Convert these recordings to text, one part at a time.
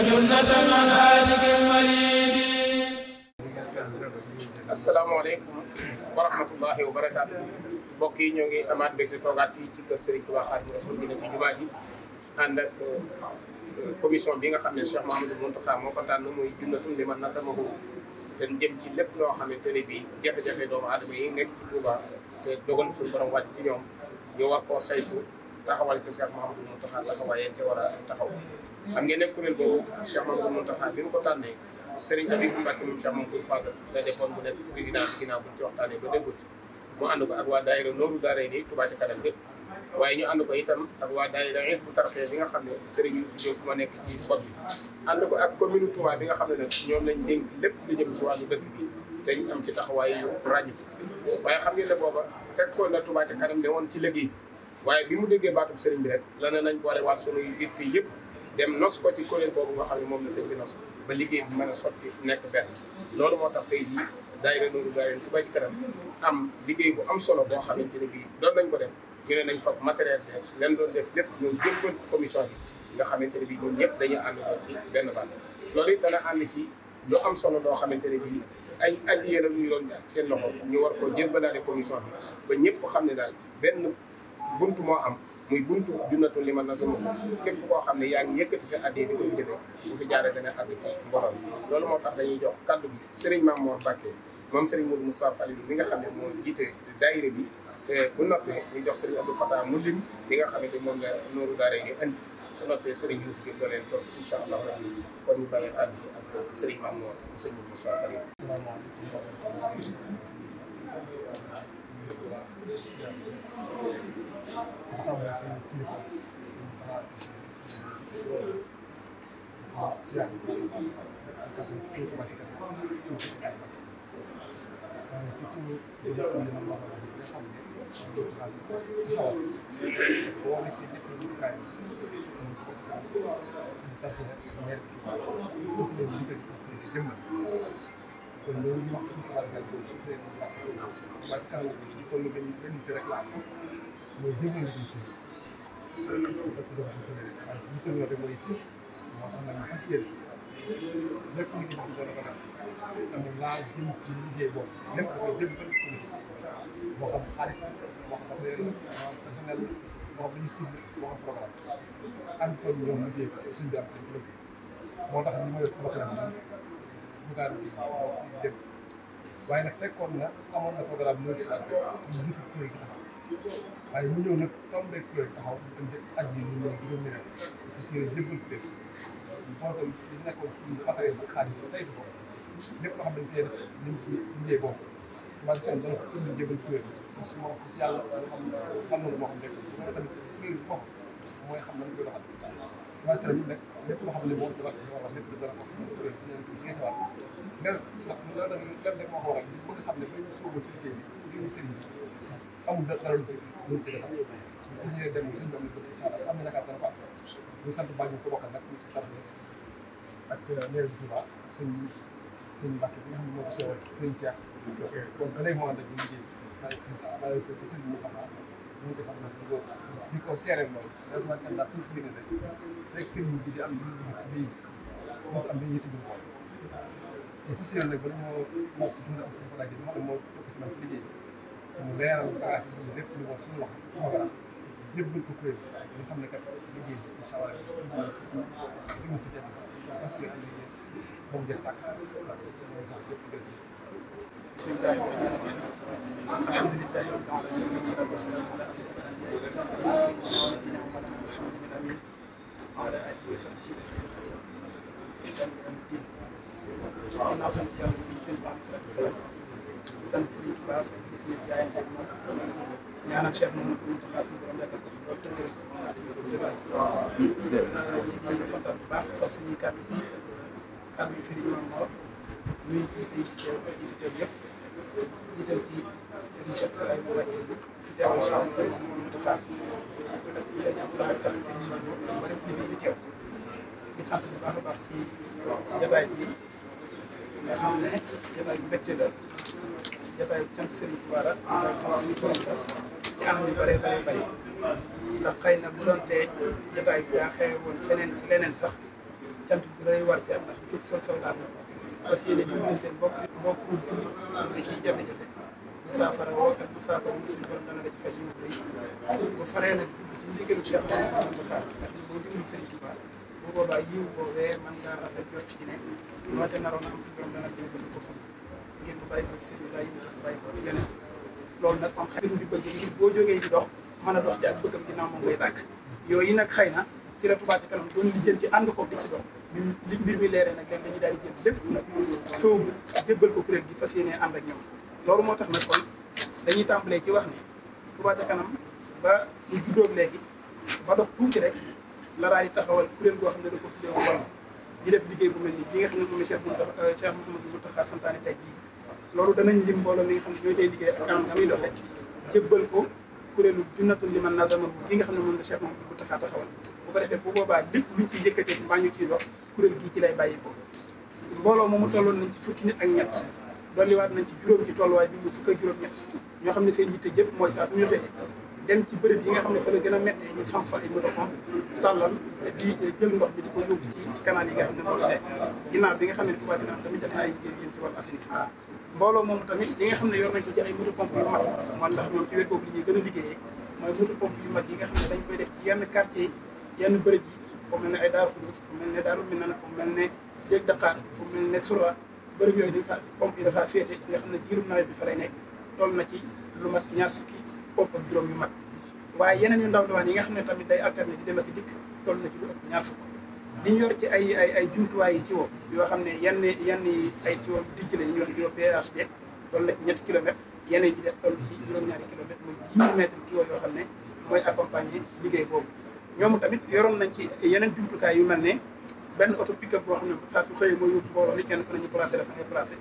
وجنة عن هالك المريد السلام عليكم ورحمة الله وبركاته mbokk yi ñoo ngi amaat mbégte toogaat fii ci kër Serigne Touba Khadimou Rassoul dina ci jumaa ji ànd ak euh, bi nga xam ne Cheikh Mouhamadou Mountakha moo ko tànn muy junnatul liman nasamahu te jëm ci lépp loo xamante ne bii jafe-jafe doomu aadama yi nekk ci Touba te dogal suñu borom wàcc ci ñoom ñu war koo saytu taxawal ci Cheikh Mouhamadou Mountakha taxawaay yéen ci a taxaw xam ngeen ne kuréel boobu Cheikh Mouhamadou Mountakha bi mu ko tànnee Serigne Abibou Mbacke mu nekk président bi ginnaaw bu ñu ci waxtaanee ba déggoo ci mu ànd ko ak waa daayira Nooru Daara yi Touba ci kanam yëpp waaye ñu ànd ko itam ak waa daayira bi nga xam ne Serigne Youssou Diop ma nekk ci bopp bi ànd ko ak commune Touba bi nga xam ne nag ñoom lañ dénk lépp lu jëm ci wàllu dëkk te ñu ci taxawaay yu ràññu waaye xam ngeen ne booba fekkoon na Touba ci kanam ne woon ci liggéey waaye bi mu déggee baatub sëriñ bi rek la ne nañ boole waat sunuy yitte yëpp dem nos ko ci kuréel boobu nga ne moom la sëriñ bi nos ba liggéey bi mën a sotti nekk benn loolu moo tax tey jii daayira Nuuru Daarayni Touba am liggéey bu am solo boo xamante ne bii doon nañ ko def ñu ne nañ fab matériel bi leen doon def lépp ñoom jébbal ko commission bi nga xamante ne bii ñun ñëpp dañuy ànd ko ci benn bànn loolu it dana ànd ci lu am solo doo xamante ne bii ay at yéen a ñu doon jaar seen loxo ñu war koo jébbalaale commission bi ba ñëpp xam ne daal benn bunt moo am muy buntu junnatul liman nasamu képp koo xam ne yaa ngi yëkkati seen addiya di ko jëfe bu fi jaaree dana àgg ci loolu moo tax dañuy jox kaddu bi ma Mamour Mbacké moom Serigne Modou Moustapha Fall bi nga xam ne moo jiite daayira bi bu noppee ñu jox Serigne Abdou Fatah mu lim li nga xam ne moom la nooru daara yi andi su noppee Serigne Youssou bi doon leen topp incha allah rabbi kon ñu bàyyi kaddu bi ak Serigne Mamour Serigne Moustapha Fall kon moo tax nag xas yéen lépp lu ñu wax dana ko def te mu laal jëm ci liggéey boobu lépp dafay jëm ci politique boo xam xaalis la boo xam matériel la boo xam personnel la boo xam ministère la boo xam programme am tool yi ñoom liggéey bi suñ bi am ci lépp moo tax ñu ma yor sama kanam nag ñu daal di dem waaye nag fekkoon na amoon na programme bi ñu ngi ci laaj ñu jiitu kuréel gi taxaw waaye mu ñëw nag tombé kuréel taxaw ñu dem ak ñi ñu ñëw juróomi weer parce que jëbbal ko def moom itam nekkoon si matériel bi xaalis bi saytu ko lépp loo xam ne dañ koy def dañ ci liggéey bokk man itam dana ko indi jébal kuréel bi si moom si yàlla loo xam man noonu moo xam nekk loolu tamit kuréel bi bokk mooy xam nañ koy doxal man itam nag lépp loo xam ne moo ci war si war a lépp dana ko kuréel bi ñeen ko geesewaat mais ndax loolu tamit lan rek moo ko waral ñu bëgg xam ne ba ñu sóobu ci liggéey bi diñu sëriñ bi amul dara lu ñu sant bàññi ko bokkal nag ñu si tànn ak maire bi Touba sëñ sëñ Mbacke bi nga xam ne moo ko sewal sëñ Cheikh kon ba léegi moo ànd ak ñu liggéey maa ngi sant maa ngi ko sëñ mu taxaw ñu ngi ko sant nag di ko seereel loolu dafa maa kenn daal suñ si gënee rek fekk sëñ bi di am lu ñu si lii ñu am li ñuy tëgg ko te fu si yoon nag ba dañoo mokk dund am ko fa laaj bi moo tax moo topp ci man ci liggéey mu leeral place yi lépp lu war suñu wax programme jébbal ko kuréel ñu xam ne kat liggéey bi incha allah li mu fi jëm fas yéene liggéey ba mu jël tàkk بسم الله الرحمن الرحيم الحمد لله رب العالمين والصلاه والسلام على اشرف الانبياء والمرسلين سيدنا محمد الامين وعلى اله وصحبه اجمعين خير الانسان الدين وعلى اصحابه الكرام بعد الصلاه والسلام sant Serigne Touba sant gis nañ jaayante moom ñaanal Cheikh Mamadou Mountakha suñu borom yàggal ko fi lool tënkee ko ñu ngi santal bu baax sax suñuy kàddu yi kàddu yi Serigne Mame Mor nuyu ci fi teew yi fi teew yëpp jiital ci Serigne Cheikh Touré mu wàcce bi fi teewal Cheikh Mamadou Mountakha ak Serigne Abdoulaye Kane Serigne Moussa Diop ak mboolem kilifa yi fi teew di sant bu baax jotaay bi yaa xew woon feneen ci leneen sax cant bi day war ci am ndax kii sol sol daal fas yéene di mënte ci faj yu bëri bu faree nag ci ndigalu Cheikh Mouhamadou Xaar ndax li boo dimbali Sëriñ Tuubaa bu boobaa yiw boobee man ngaa rafet jot ci ne noote naroon am suñu borom dana la jël ko fa ngeen bi daa yëngatu bàyyi ci yeneen boo jógee di dox man a dox ci ak bëggam ginnaaw moom ngay làkk yooyu nag xëy na ci la Touba Ca Kanam doon li jël ci ànd ko di ci dox li mbir mi leeree nag léegi dañuy daal di jël lépp nag soobu jébbal ko kuréel gi fas yéenee ànd ak ñoom loolu moo tax nag kon dañuy tàmbalee ci wax ni Touba Ca Kanam ba ñu juddóog léegi ba dox tuuti rek la daal di taxawal kuréel goo xam ne da ko tuddee woon wàll di def liggéey bu mel nga xam ne moom Cheikh Mountakha euh, Cheikh Mouhamadou Mountakha loolu danañ lim mbooloo mi nga xam ne ñoo cay liggéey ak anam nga muy doxee jëbal ko kuréelu junnatul liman nazamahu gi nga xam ne moom la Cheikh Mamadou Mountakha taxawal bu ko defee bu boobaa lépp luñ ci yëkkatee mbaa ñu ciy dox kuréel ci lay bàyyi ko mbooloo moomu tolloon nañ ci fukki nit ak ñett dolliwaat nañ ci juróom ci tolluwaay bi mu fukk ak juróom ñett ñoo xam ne seen yitte jëpp mooy saa suñu xëyee dem ci bërëb yi nga xam ne fa la gën a méttee ñu samp fa ay moto pompe tàllal di jël ndox bi di ko yóbbu ci canal yi nga xam ne moo fi nekk ginnaaw bi nga xam ne Touba Finane tamit moom tamit li nga xam ne yor nañ ko ci ay moto pompe yu mag man ndax ñoom ci a liggéeyee mooy moto pompe yu mag yi nga xam ne dañ koy def ci yenn quartier yi yenn mel ne ay Daaru Fudus fu mel ne Daaru Minane fu mel ne Dég Dakar mel ne Sura bërëb yooyu dañ fa pompe yi dafaa féete nga xam ne diirum nawet bi fa lay nekk toll na ci lu mat ñaar fukki fukk ak juróom yu mag waaye yeneen yu ndaw ndawaan yi nga xam ne tamit day alterner di dem ak dikk toll na ci lu ñaar fukk ñu yor ci ay ay jumtuwaay yi yoo xam ne yenn yenn ay tiwo dijj la ñu yor yoo PHD toll na ci kilomètres yenn yi ci des toll juróom-ñaari kilomètres mooy dix mètres tiwo yoo xam ne mooy accompagner liggéey boobu ñoom tamit yoroon nañ ci yeneen jurtukaay yu mel ne benn auto boo xam ne saa su xëyee mooy yóbbu mbooloo li kenn ku nañu placé dafa ngay placé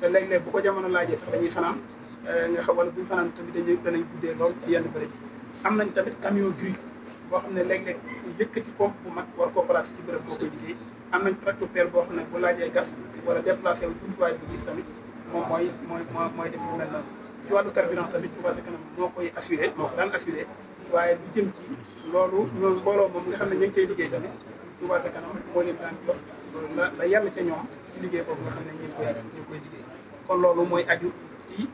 te léeg-léeg bu ko jamono laajee sax dañuy fanaan nga xam wala bu ñu fanaan tamit dañuy danañ guddee lool ci yenn bërëb yi am nañ tamit camion gris boo xam ne léeg-léeg yëkkati pompe bu mag war koo placé ci bërëb boo koy liggéey am nañ tractopelle boo xam ne bu laajee gas wala déplacé wu jumtuwaay bu gis tamit moom mooy mooy mooy def lu mel noonu ci wàllu carburant tamit Touba Ca Kanam moo koy assuré moo ko daan assuré waaye lu jëm ci loolu ñoom mbooloo moom nga xam ne ñu ngi cay liggéey tamit Touba Ca Kanam moo leen daan yàlla ca ñoom ci liggéey boobu nga xam ne ñu ngi koy ñu ngi koy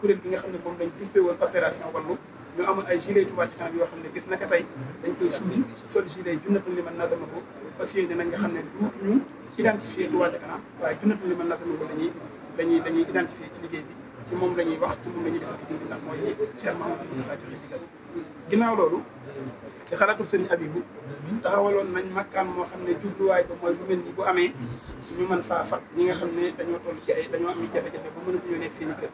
kuréel gi nga xam ne moom lañ duppee woon opération wallu ñu amoon ay gilet Touba ci kanam yoo xam ne gis naka tey dañ koy suuli sol gilet junnatul liman nazamahu fas yéene nañ nga xam ne duutu ñu identifier Touba ci kanam waaye junnatul liman nazamahu dañuy dañuy dañuy identifier ci liggéey bi ci moom la ñuy wax ci moom la ñuy defati dindi ndax mooy Cheikh Mamadou Moussa joxe digal ginnaaw loolu ci taxawaloon nañ makkaan moo xam ne jubluwaay ba mooy lu mel ni bu amee ñu mën faa fat ñi nga xam ne dañoo toll ci ay dañoo am jafe-jafe ba mëna bu ñoo nekk seen i kër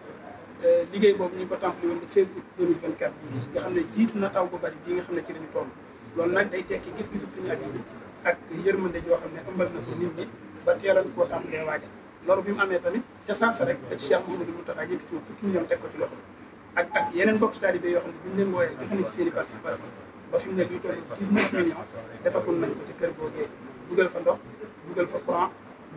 liggéey boobu ñu ngi ko tàmbali woon le 16 août 2024 bi nga xam ne jiitu na taw bu bari bii nga xam ne ci lañu toll loolu nag day tekki gis-gisu suñu at yi ak yërmande joo xam ne ëmbal na ko nit ñi ba teeral koo tàmbalee waajal loolu bi mu amee tamit ca saasa rek ci ci loxo ak ak yeneen mbokk taalibe yoo xam ne buñ leen wooyee jox nañ ci seen i participation ba fi mu millions defagul nañ ko ci kër googee dugal fa ndox dugal fa courant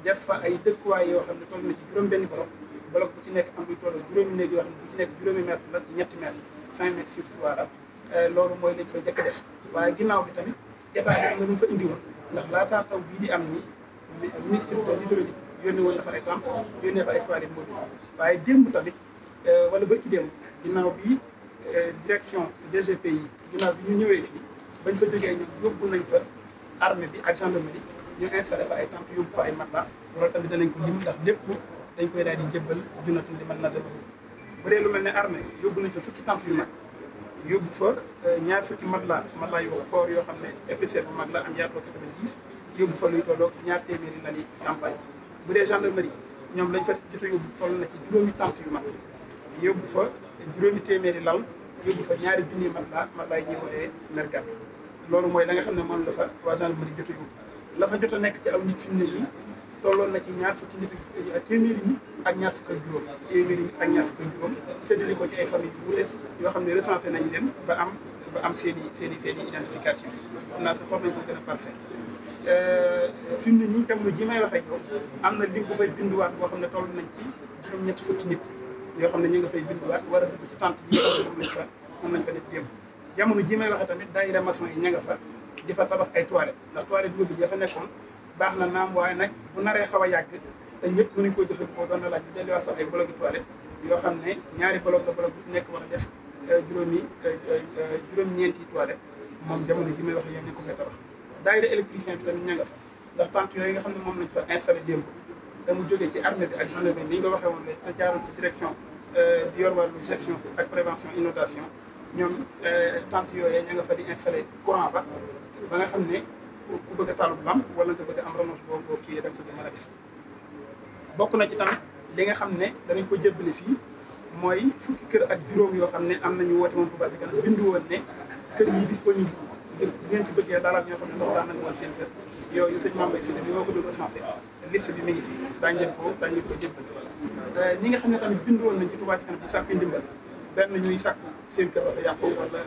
def fa ay dëkkuwaay yoo xam ne toll na ci juróom benn borom bloc bu ci nekk am lu toll juróomi néeg yoo xam ne bu ci nekk juróomi mètre la ci ñetti mètre cinq mètres sur trois euh, loolu mooy lañ fa jëkk def waaye ginnaaw bi tamit état bi am na lu ndax laataa taw bii di am ni ministre de l'hydraulique yónnee woon na fa ay lamp yónnee ay toilettes waaye démb tamit euh, wala ba ci démb ginnaaw bi euh, direction DGPI ginnaaw bi ñu ñëwee fii bañ fa jógee ñu yóbbu nañ fa armée bi ak gendarmerie ñu installé fa ay tentes yóbbu fa ay matelas loolu tamit danañ ko lim ndax lépp dañ koy daal di jébbal junatu li man nadal bu dee lu mel ne armée yóbbu nañ fa fukki tente yu mag yóbbu fa euh, ñaar fukki matelas matelas yu fort yoo xam ne épaisseur bu mag la am yaatoo 90 yóbbu fa luy tolloog ñaar téeméeri lali campagne bu dee gendarmerie ñoom lañ fa jot a yóbbu toll na ci juróomi tente yu mag yóbbu fa juróomi téeméeri lal yóbbu fa ñaari junni matelas matelas yi ñuy wooyee merkat loolu mooy la nga xam ne moom la fa waa gendarmerie jot la fa jot a nekk ci aw nit fi mu ne tolloon na ci ñaar fukki nit ak téeméeri nit ak ñaar fukk ak juróom téeméeri nit ak ñaar fukk ak juróom séddale ko ci ay famille yu wuute yoo xam ne recensé nañ leen ba am ba am seeni seeni seen i seen i identification xam naa sax wax nañ ko gën a parfait euh, fi mu ne nii wax ak am na lim bu binduwaat boo xam ne toll nañ ci juróom-ñetti fukki yoo xam ne ñu nga fay binduwaat war a dugg ci tente yi moom lañ nañ moom lañ fa def démb jamono ji may waxee tamit daayira maçon yi ña nga fa di fa tabax ay toilettes ndax toilettes yooyu bi dafa nekkoon baax na naam waaye nag bu naree xaw a yàgg te ñëpp mënuñ koo jëfandikoo doon na laaj bi delluwaat sax ay bloc de yoo xam ne ñaari bloc la bloc bu ci nekk war a def euh, juróomi euh, euh, juróom-ñeenti toilette moom jamono ji may wax yéen ni ko fay tabax daayira électricien bi tamit ña nga fa ndax tente yooyu nga xam ne moom lañ fa installé démb te mu jógee ci armée bi ak gendarmerie ni nga waxee woon rek te jaaroon ci direction di yor wàllu gestion ak prévention inondation ñoom tente yooyu ña nga fa di installé courant ba ba nga xam ne ku bëgg a taalub lamp wala nga bëgg a am bokk na ci tamit li nga xam ne danañ ko jébbale fii mooy fukki kër ak juróom yoo xam ne am nañu woote moom Touba ca kanam bindu woon ne kër yi disponible ngeen ci bëggee dara ñoo xam ne ndox daan nañu woon seen kër yooyu sëñ Mame Mbaye Sylla bi moo ko doon recensé liste bi mi ngi fi daañu leen ko daañu leen ko jébbal euh, ñi nga xam ne tamit bindu woon nañ ci Touba ca kanam bu sàkku ndimbal benn ñuy sàkku seen kër dafa yàqu wala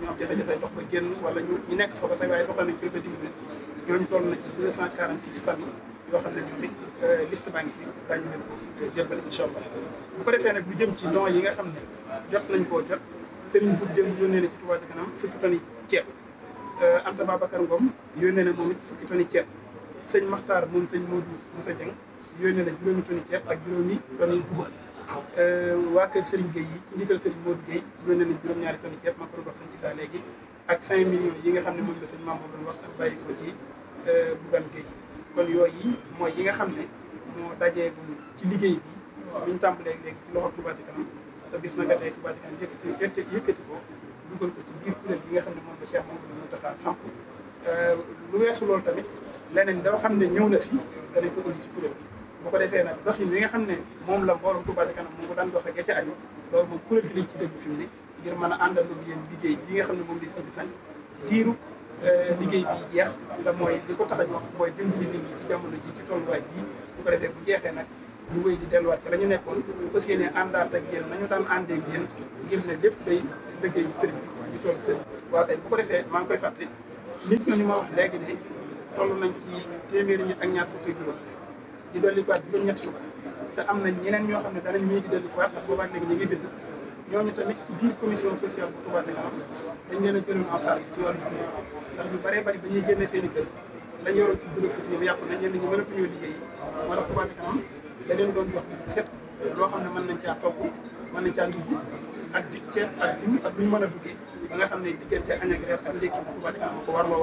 ñu am jafe-jafe ndox ba génn wala ñu ñu nekk soxla tey waaye soxla nañ kilifa dimbali ñooñu toll na ci deux cent quarante six famille yoo xam ne ñoom it euh, liste baa ngi fi daañu leen ko euh, jébbal incha allah bu ko defee nag bu jëm ci don yi nga xam ne jot nañ koo jot Serigne Boub Dieng yónnee na ci Touba Ca Kanam fukki toni ceeb euh, Anta Babacar Ngom yónnee na moom it fukki toni ceeb sëñ Makhtar moom sëñ Modou Moussa Dieng yónnee na juróomi toni ceeb ak juróomi toni dugub Euh, waa kër Serigne Gueye yi njiital Serigne Modou Gueye yónnee nañ juróom-ñaari tonne ceeb ma ko doon wax sëñ Issa yi nga xam ne moom la sëñ Mamadou doon wax ak bàyyi ko ci euh, Bougane Gueye kon yooyu mooy yi nga xam ne moo dajee bu ci liggéey bi bu ñu tàmbalee léegi ci loxo Touba te bis na a tey Touba Ca yëkkati ko dugal ko ci biir kuréel yi nga xam ne moom la Cheikh Mamadou Moustapha samp euh, lu weesu loolu tamit leneen dama xam ne ñëw na fi danañ ko indi ci kuréel bu ko defee nag doxin bi nga xam ne moom la mboolum Touba ca kanam moom mu daan doxee gerte aju loolu moom kuréel ci dëgg fi mu ne ngir mën liggéey bi nga xam ne moom lay sant sant diiru euh, liggéey bi jeex te mooy li ko tax a wax mooy dimbali nit ñi ci jamono ji ci tolluwaay bii bu ko defee bu jeexee nag ñu wéy di delluwaat ci la ñu nekkoon fas yéene àndaat ak yéen nañu daan àndee ak yéen ngir ne lépp day liggéey sëriñ bi di toll sëriñ waaw tey bu ko defee maa ngi koy fàtte nit ñooñu ma wax léegi ne toll nañ ci téeméeri nit ak ñaar fukki juróom di dollikuwaat juróom-ñetti fukk te am na ñeneen ñoo xam ne danañ ñii di dollikuwaat ndax boobaag léegi ñu ngi bind ñooñu tamit ci kanam dañ leen a jëloon en charge ci wàllu baree bari ba ñuy génnee seen i kër lañ yoroon ci dund ko ci yàqu nañ ñenn ñoo liggéey yi doon jox set loo xam ne mën nañ caa togg mën nañ caa dugg ak di ak diw ak duñ mën a duggee ba nga xam ne diggante añ ak reer ak ndékki ko war loo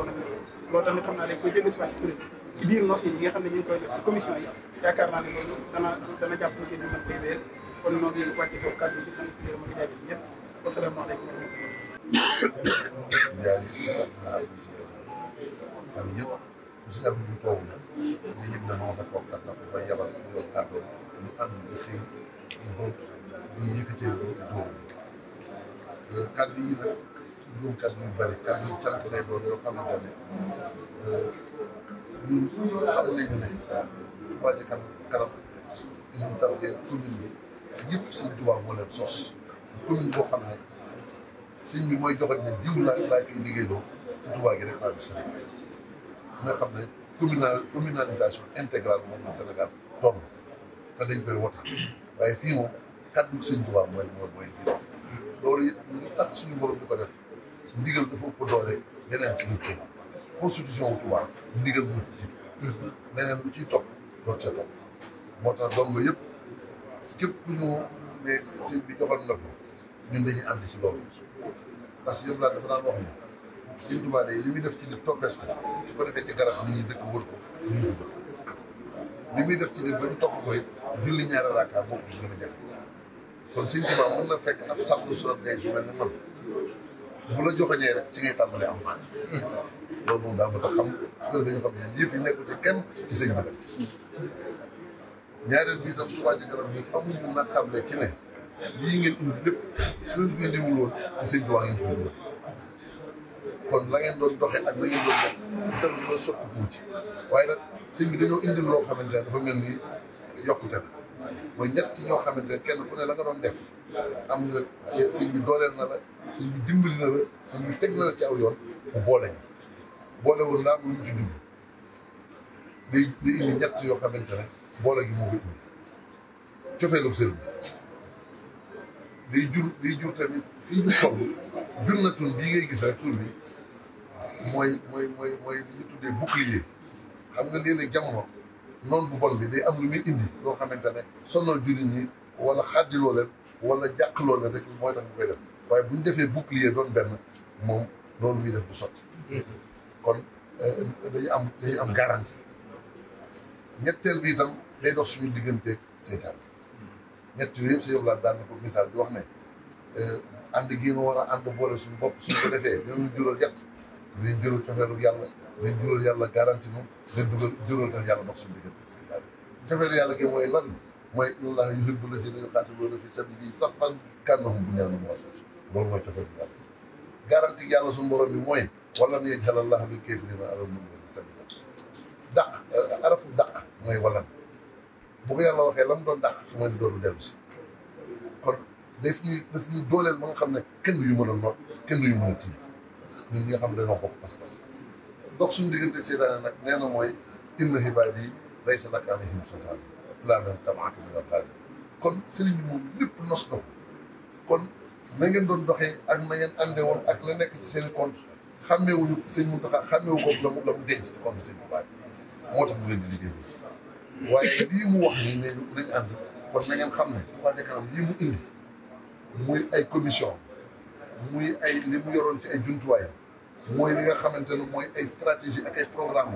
woon ak xam naa dañ koy jëlee si waat ci ci biir nos yi nga xam ne ñu ngi koy ci commission yi yaakaar naa ne loolu dana dana jàpp ngeen ñu mën ngi wàcce foofu kàddu bi sant di ma ngi jaajëf ñëpp wasalaamaaleykum wa rahmatulah sëñ Abdou bu toogul nga yëg ne fa toog kat nag koy yabal mu yor ñu xëy di gont di yëkkatee di dóor kàddu yi nag juróom kàddu yu bëri kàddu yu cant doon yoo xamante ne ñun xam nañu ne Touba ca kanam Hizbut Tarqiyyah commune bi yëpp sëñ Touba moo leen sos commune boo xam ne sëñ bi mooy joxe ne diw laa laa ciy liggéeyloo ci Touba gi rek xam ne communal communalisation intégrale moom la Sénégal toll te dañ koy wota waaye fii moom kàddu sëñ Touba mooy mooy mooy fii loolu it suñu borom bu ko def ndigal dafa ëpp doole yeneen ci biir Touba constitution wu Touba ndigal moo ci jiitu. leneen lu ciy topp doon ca topp moo tax dong yëpp képp ku ñu ne sëñ bi joxal na ko ñun dañuy ànd ci loolu ndax si yëpp laa dafa daan wax ne sëñ Touba day li muy def ci ne toppees ko su ko defee ci garab nit ñi dëkk wër ko muy def ci nit ba ñu topp ko it julli ñaari raaka moo ko gën a jafe kon sëñ Touba mën na fekk ab sàmm surat day su mel ni man bu la joxoñee rek ci ngay tàmbalee am maanaam. loolu moom daal moo xam su ko defee ñu xam ne ci kenn ci sëñ bi ñaareel bi tam Touba Ca Kanam ñun amuñu ci lii ngeen indi lépp su leen fi ak la waaye nag sëñ bi dañoo indil loo xamante ne dafa mel ni yokkute na mooy ñett ñoo xamante ne kenn ku ne la nga doon def am nga sëñ bi dooleel na la sëñ bi dimbali na la sëñ bi teg na la ci aw yoon mu boole boole woon naa ko lu mu ci jublu day day indi ñett yoo xamante ne boole gi moo ko indi cofeelu sëriñ bi day jur day jur tamit fii jur na tun bii ngay gis rek tur bi mooy mooy mooy mooy li ñu tuddee bouclier xam nga léeg-léeg jamono noon bu bon bi day am lu muy indi loo xamante ne sonal jullit ñi wala xaddiloo leen wala jàqloo leen rek mooy tax ñu koy def waaye bu ñu defee bouclier doon benn moom loolu muy def du sotti mm-hmm. kon euh, dañu am dañu am garantie ñetteel bi itam day dox suñu digganteeg seytaan ñett yooyu yëpp sëñ Oblade daan na ko misaal bi wax ne euh, ànd gii ma war a ànd boole suñu bopp suñu defee ñooñu jural yett dinañ jural cofeelu yàlla dinañ jural yàlla garantie moom dinañ dugal jural dal yàlla dox suñu digganteeg seytaan cofeelu yàlla gi mooy lan mooy inna allaha yuhibbu lazina yuqaatiluuna fi sabilihi saffan kannahum bunyaanun marsuus loolu mooy cofeelu yàlla garanti yàlla su borom bi mooy walam yaj'al Allahu lil kaafiriina alal mu'miniina sabiila dàq euh, arafu daq mooy walam bu ko yàlla waxee lam doon dàq mooy ne doolu dellu si kon daf ñuy daf dooleel ba nga xam ne kenn yu mën a noot kenn yu mën a tiim ñun ñi nga xam ne dañoo bokk pas-pas dox suñu diggante seytaane nag nee na mooy inna ibaadii laysa laka alayhim sultaan illaa man ittaba'aka minal ghaawin kon sëriñ bi moom lépp nos na kon na ngeen doon doxee ak na ngeen àndee woon ak la nekk ci seeni i xàmmeewuñu sëñ Mountakha xàmmeewu ko la mu la mu denc ci xolu sëñ Mountakha moo tax mu leen di liggéey waaye lii mu wax nii ne nañ ànd kon na xam ne Touba ca kanam lii mu indi muy ay commission muy ay li mu yoroon ci ay jumtuwaayam mooy li nga xamante ne mooy ay stratégie ak ay programme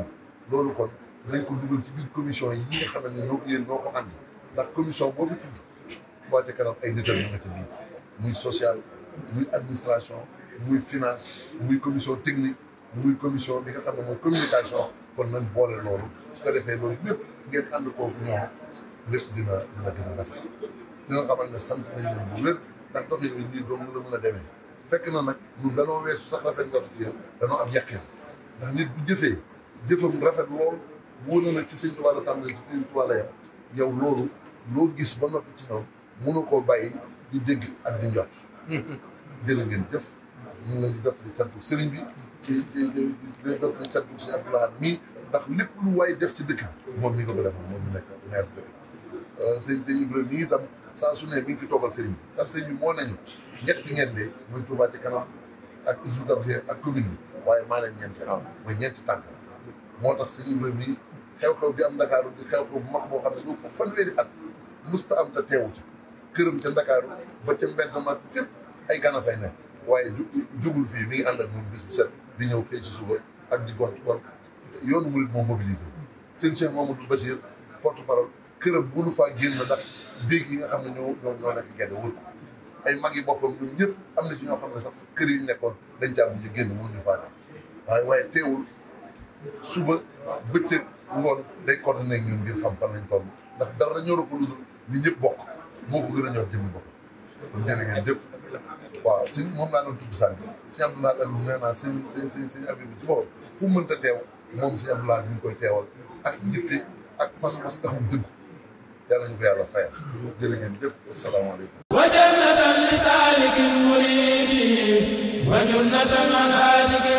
loolu kon nañ ko dugal ci biir commission yi nga xamante ne noo ko ànd ndax commission boo fi tudd Touba kanam ay nitam ñu nga ci biir muy social muy administration muy finance muy commission technique muy commission bi nga xam ne mooy communication kon nañ boole loolu su ko defee loolu lépp ngeen ànd kooku ñoom lépp dina dina gën a rafet dina ne sant nañ leen bu wér ndax ndox yi nii doom la mën a demee fekk na nag ñun danoo weesu sax rafet njort ci yéen danoo am yàqin ndax nit bu jëfee jëfam rafet lool wóor na ci sëñ Tuubaa am tàmbalee ci sëñ Tuubaa loolu loo gis ba noppi ci ñoom mënu koo bàyyi di dégg ak di njort hmm. jërë ngeen jëf mu ngi leen di jottali cantu sëriñ bi ci ci ci di jottali cantu si Abdou Lahad mii ndax lépp lu waay def ci dëkk bi moom mi nga ko defal moom mi nekk maire dëkk bi euh, sëñ sëñ Ibrahima fi toogal sëriñ bi ndax sëriñ bi moo nañu ñetti ngeen de muy Touba ci kanam ak Hizbut waaye maa leen mooy ñeenti tànk la moo tax sëñ bi xew-xew bi am Ndakaaru di xew-xew bu mag boo xam ne doo ko fanweeri at musta am te teewu ci këram ca Ndakaaru ba ca mbedd mag fépp ay gana fay nekk waaye ju jugul fii mi ngi ànd ak moom bis bu set di ñëw fee si suba ak di gont kon yoonu murid moo mobilisé seen Cheikh Mamadou Bachir porte parole këram mënu faa génn ndax déeg yi nga xam ne ñoo ñoo ñoo nekk gedde ay mag yi boppam ñun ñëpp am na si ñoo xam ne sax kër yi nekkoon dañ caa mujj génn mënuñu faa nekk waaye waaye teewul suba bëccëg ngoon day ne ak ñun ngir xam fan lañ toll ndax dara ñoro ko lu dul ni ñëpp bokk moo ko gën a ñor jëmmi bopp kon jërë ngeen jëf waaw sëñ moom laa doon tudd si sëñ Abdoulaye ak nee naa sëñ sëñ sëñ sëñ Habib bi ci boppam fu mënta teew moom sëñ Abdoulaye bi ñu koy teewal ak yitte ak pas-pas taxum dëgg yàlla ñu ko yàlla fayal jërë ngeen jëf asalaamaaleykum wa jannatan li saalikin muridi wa jannatan an